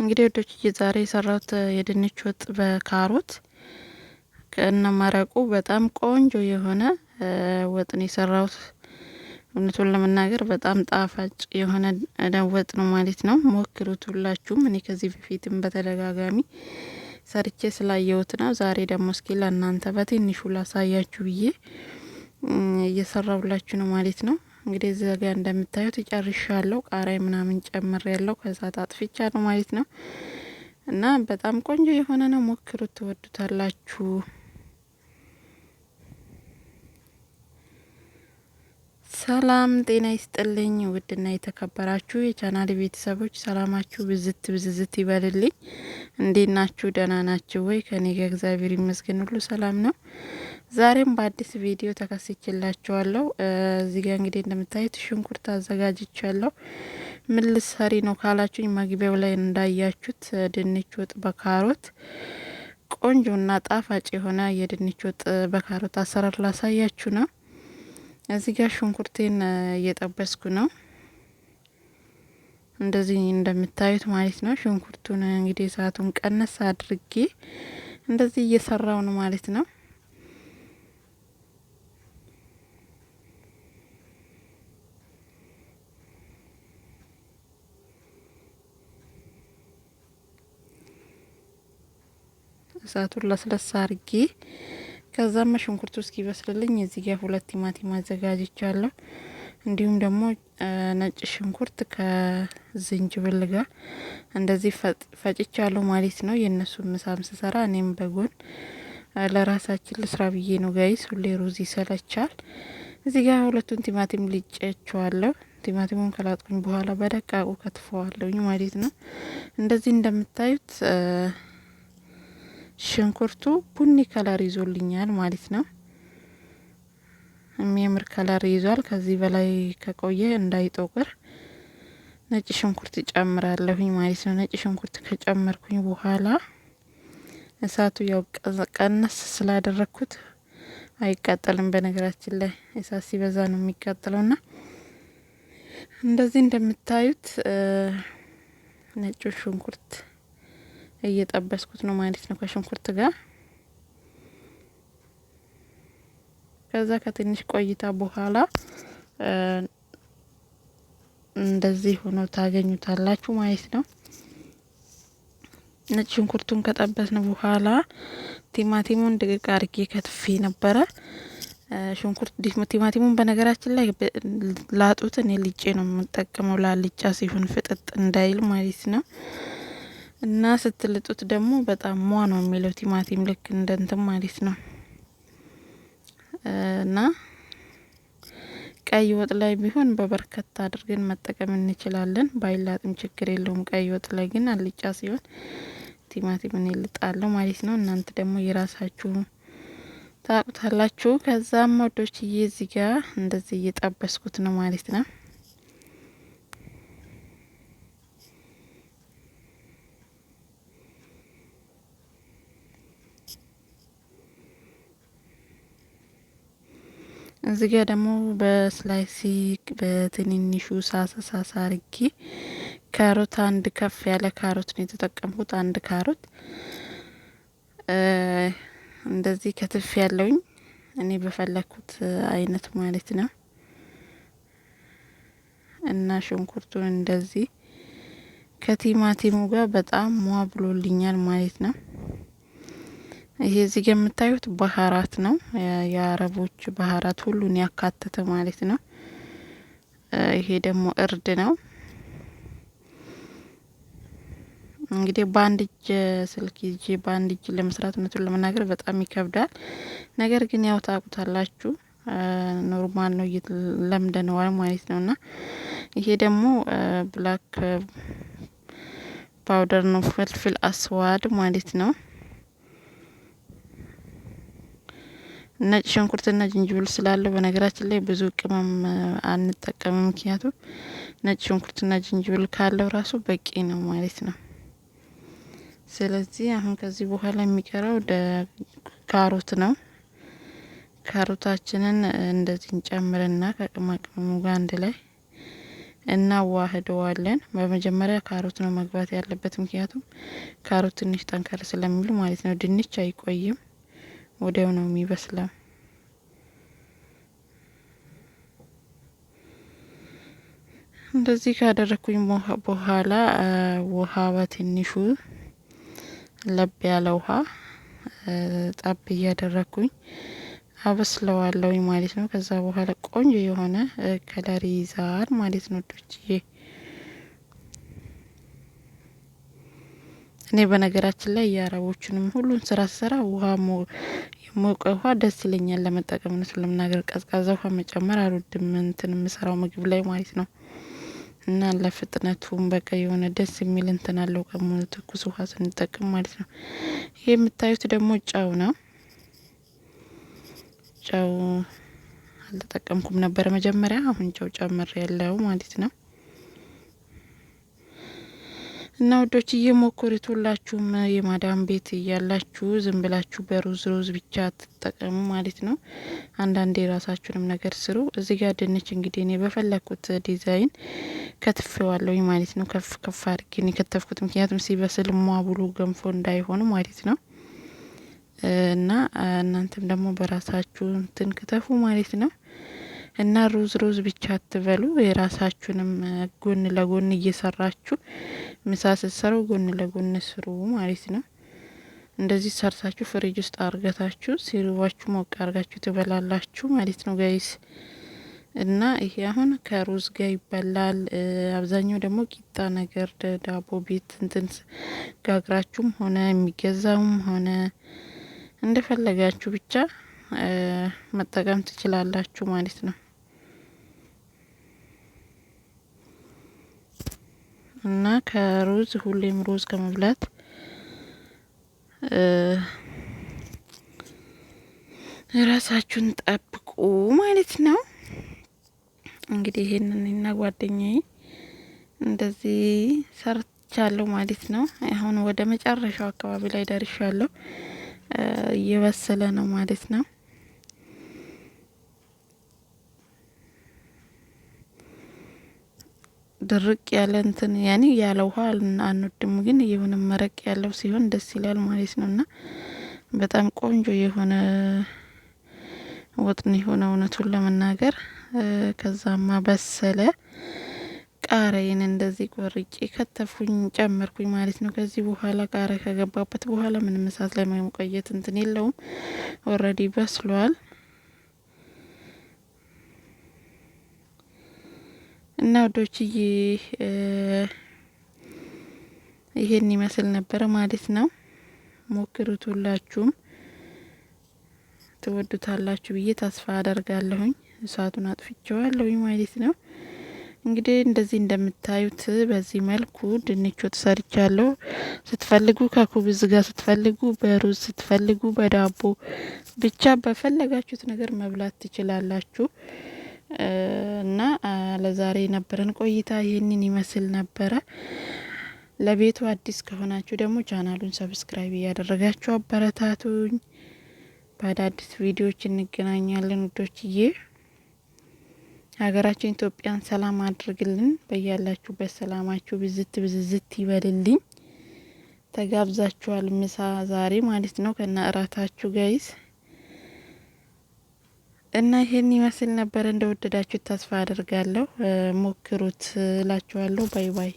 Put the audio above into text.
እንግዲህ ወዶች ዛሬ የሰራሁት የድንች ወጥ በካሮት ከእነ መረቁ በጣም ቆንጆ የሆነ ወጥን የሰራሁት። እውነቱን ለመናገር በጣም ጣፋጭ የሆነ ወጥ ነው ማለት ነው። ሞክሩት ሁላችሁም። እኔ ከዚህ በፊትም በተደጋጋሚ ሰርቼ ስላየሁት ነው። ዛሬ ደግሞ እስኪ ለእናንተ በትንሹ ላሳያችሁ ብዬ እየሰራሁላችሁ ነው ማለት ነው። እንግዲህ እዚያ ጋር እንደምታዩት ጨርሻለሁ። ቃሪያ ምናምን ጨምር ያለው ከዛ ጣጥፍቻ ነው ማለት ነው። እና በጣም ቆንጆ የሆነ ነው። ሞክሩት፣ ትወዱታላችሁ። ሰላም ጤና ይስጥልኝ። ውድና የተከበራችሁ የቻናል ቤተሰቦች ሰላማችሁ ብዝት ብዝዝት ይበልልኝ። እንዴት ናችሁ? ደህና ናችሁ ወይ? ከኔ ጋር እግዚአብሔር ይመስገን ሁሉ ሰላም ነው። ዛሬም በአዲስ ቪዲዮ ተከስቼላችኋለሁ። እዚህ ጋር እንግዲህ እንደምታዩት ሽንኩርት አዘጋጅቻለሁ። ምን ልሰሪ ነው ካላችሁኝ መግቢያው ላይ እንዳያችሁት ድንች ወጥ በካሮት ቆንጆና ጣፋጭ የሆነ የድንች ወጥ በካሮት አሰራር ላሳያችሁ ነው እዚህ ጋር ሽንኩርቴን እየጠበስኩ ነው። እንደዚህ እንደምታዩት ማለት ነው። ሽንኩርቱን እንግዲህ እሳቱን ቀነስ አድርጌ እንደዚህ እየሰራው ነው ማለት ነው። እሳቱን ለስለስ አድርጌ ከዛም ሽንኩርቱ እስኪበስልልኝ እዚህ ጋር ሁለት ቲማቲም አዘጋጅቻለሁ። እንዲሁም ደግሞ ነጭ ሽንኩርት ከዝንጅብል ጋር እንደዚህ ፈጭቻለሁ ማለት ነው። የእነሱን ምሳም ስሰራ እኔም በጎን ለራሳችን ልስራ ብዬ ነው ጋይስ። ሁሌ ሩዝ ይሰለቻል። እዚህ ጋር ሁለቱን ቲማቲም ልጨቸዋለሁ። ቲማቲሙን ከላጥኩኝ በኋላ በደቃቁ ከትፈዋለሁኝ ማለት ነው። እንደዚህ እንደምታዩት ሽንኩርቱ ቡኒ ከለር ይዞልኛል ማለት ነው። የሚያምር ከለር ይዟል። ከዚህ በላይ ከቆየ እንዳይጦቅር ነጭ ሽንኩርት ጨምራለሁኝ ማለት ነው። ነጭ ሽንኩርት ከጨመርኩኝ በኋላ እሳቱ ያው ቀነስ ስላደረግኩት አይቃጠልም። በነገራችን ላይ እሳት ሲበዛ ነው የሚቃጠለውና እንደዚህ እንደምታዩት ነጩ ሽንኩርት እየጠበስኩት ነው ማለት ነው ከሽንኩርት ጋር። ከዛ ከትንሽ ቆይታ በኋላ እንደዚህ ሆኖ ታገኙታላችሁ ማለት ነው። ነጭ ሽንኩርቱን ከጠበስን በኋላ ቲማቲሙን ድቅቅ አርጌ ከትፌ ነበረ። ሽንኩርት ቲማቲሙን በነገራችን ላይ ላጡት እኔ ልጬ ነው የምጠቀመው፣ ላልጫ ሲሆን ፍጥጥ እንዳይል ማለት ነው። እና ስትልጡት ደግሞ በጣም ሟ ነው የሚለው ቲማቲም ልክ እንደንትም ማለት ነው። እና ቀይ ወጥ ላይ ቢሆን በበርከት አድርገን መጠቀም እንችላለን። ባይላጥም ችግር የለውም። ቀይ ወጥ ላይ ግን አልጫ ሲሆን ቲማቲምን ይልጣለሁ ማለት ነው። እናንተ ደግሞ የራሳችሁ ታቁታላችሁ። ከዛም ወዶች እዚህ እንደዚህ እየጠበስኩት ነው ማለት ነው። እዚ ጋ ደግሞ በስላይሲ በትንንሹ ሳሳ ሳሳ አርጌ ካሮት አንድ ከፍ ያለ ካሮት ነው የተጠቀምኩት። አንድ ካሮት እንደዚህ ከትፍ ያለውኝ እኔ በፈለግኩት አይነት ማለት ነው እና ሽንኩርቱን እንደዚህ ከቲማቲሙ ጋር በጣም ሟ ብሎልኛል ማለት ነው። ይሄ እዚህ የምታዩት ባህራት ነው። የአረቦች ባህራት ሁሉን ያካተተ ማለት ነው። ይሄ ደግሞ እርድ ነው። እንግዲህ በአንድ እጅ ስልክ ይዤ በአንድ እጅ ለመስራት እውነቱን ለመናገር በጣም ይከብዳል። ነገር ግን ያው ታውቁታላችሁ፣ ኖርማል ነው፣ ለምደነዋል ማለት ነው። እና ይሄ ደግሞ ብላክ ፓውደር ነው፣ ፍልፍል አስዋድ ማለት ነው። ነጭ ሽንኩርትና ጅንጅብል ስላለው በነገራችን ላይ ብዙ ቅመም አንጠቀምም። ምክንያቱም ነጭ ሽንኩርትና ጅንጅብል ካለው ራሱ በቂ ነው ማለት ነው። ስለዚህ አሁን ከዚህ በኋላ የሚቀረው ካሮት ነው። ካሮታችንን እንደዚህ እንጨምርና ከቅመማ ቅመሙ ጋር አንድ ላይ እናዋህደዋለን። በመጀመሪያ ካሮት ነው መግባት ያለበት፣ ምክንያቱም ካሮት ትንሽ ጠንከር ስለሚል ማለት ነው። ድንች አይቆይም ወዲያው ነው የሚበስለው። እንደዚህ ካደረግኩኝ በኋላ ውሃ በትንሹ ለብ ያለ ውሃ ጣብ እያደረግኩኝ አበስለዋለሁኝ ማለት ነው። ከዛ በኋላ ቆንጆ የሆነ ከለር ይይዛል ማለት ነው ዶችዬ እኔ በነገራችን ላይ የአረቦቹንም ሁሉን ስራ ስራ ውሃ ሞቀ ውሃ ደስ ይለኛል ለመጠቀም ነው ስለምናገር ቀዝቃዛ ውሃ መጨመር አልወድም። እንትን የምሰራው ምግብ ላይ ማለት ነው እና ለፍጥነቱም በቃ የሆነ ደስ የሚል እንትን አለው ቀሙን ትኩስ ውሃ ስንጠቅም ማለት ነው። ይህ የምታዩት ደግሞ ጨው ነው። ጨው አልተጠቀምኩም ነበረ መጀመሪያ፣ አሁን ጨው ጨምር ያለው ማለት ነው። እና ውዶች እየሞከሩት ሁላችሁም የማዳም ቤት እያላችሁ ዝም ብላችሁ በሩዝ ሩዝ ብቻ ትጠቀሙ ማለት ነው። አንዳንዴ የራሳችሁንም ነገር ስሩ። እዚህ ጋር ድንች እንግዲህ እኔ በፈለኩት ዲዛይን ከትፌዋለሁኝ ማለት ነው። ከፍ ከፍ አድርጌ የከተፍኩት ምክንያቱም ሲበስል ሟቡሉ ገንፎ እንዳይሆኑ ማለት ነው። እና እናንተም ደግሞ በራሳችሁ እንትን ክተፉ ማለት ነው። እና ሩዝ ሩዝ ብቻ አትበሉ። የራሳችሁንም ጎን ለጎን እየሰራችሁ ምሳ ስትሰሩ ጎን ለጎን ስሩ ማለት ነው። እንደዚህ ሰርታችሁ ፍሪጅ ውስጥ አርገታችሁ ሲርባችሁ ሞቅ አርጋችሁ ትበላላችሁ ማለት ነው ጋይስ። እና ይሄ አሁን ከሩዝ ጋር ይበላል። አብዛኛው ደግሞ ቂጣ ነገር ዳቦ ቤት እንትን ጋግራችሁም ሆነ የሚገዛውም ሆነ እንደፈለጋችሁ ብቻ መጠቀም ትችላላችሁ ማለት ነው። እና ከሩዝ ሁሌም ሩዝ ከመብላት ራሳችሁን ጠብቁ ማለት ነው። እንግዲህ ይሄንን እና ጓደኛዬ እንደዚህ ሰርቻለሁ ማለት ነው። አሁን ወደ መጨረሻው አካባቢ ላይ ደርሻለሁ። እየበሰለ ነው ማለት ነው። ድርቅ ያለ እንትን ያኔ ያለ ውሃ አንወድም፣ ግን የሆነ መረቅ ያለው ሲሆን ደስ ይላል ማለት ነው። እና በጣም ቆንጆ የሆነ ወጥ የሆነ እውነቱን ለመናገር። ከዛማ በሰለ ቃረይን እንደዚህ ቆርጬ ከተፉኝ ጨመርኩኝ ማለት ነው። ከዚህ በኋላ ቃረ ከገባበት በኋላ ምንም እሳት ላይ መቆየት እንትን የለውም፣ ኦልሬዲ በስሏል። እና ወዶችዬ ይሄን ይመስል ነበር ማለት ነው። ሞክሩት፣ ሁላችሁም ትወዱታላችሁ ብዬ ተስፋ አደርጋለሁኝ። እሳቱን አጥፍቼዋለሁኝ ማለት ነው። እንግዲህ እንደዚህ እንደምታዩት በዚህ መልኩ ድንቹ ተሰርቻለሁ። ስትፈልጉ ከኩብዝ ጋር ስትፈልጉ፣ በሩዝ ስትፈልጉ፣ በዳቦ ብቻ በፈለጋችሁት ነገር መብላት ትችላላችሁ። እና ለዛሬ የነበረን ቆይታ ይህንን ይመስል ነበረ። ለቤቱ አዲስ ከሆናችሁ ደግሞ ቻናሉን ሰብስክራይብ እያደረጋችሁ አበረታቱኝ። በአዳዲስ ቪዲዮዎች እንገናኛለን ውዶችዬ። ሀገራችን ኢትዮጵያን ሰላም አድርግልን። በያላችሁበት ሰላማችሁ ብዝት ብዝዝት ይበልልኝ። ተጋብዛችኋል ምሳ ዛሬ ማለት ነው ከነ እራታችሁ ጋይስ እና ይሄን ይመስል ነበር። እንደወደዳችሁት ተስፋ አድርጋለሁ። ሞክሩት እላችኋለሁ። ባይ ባይ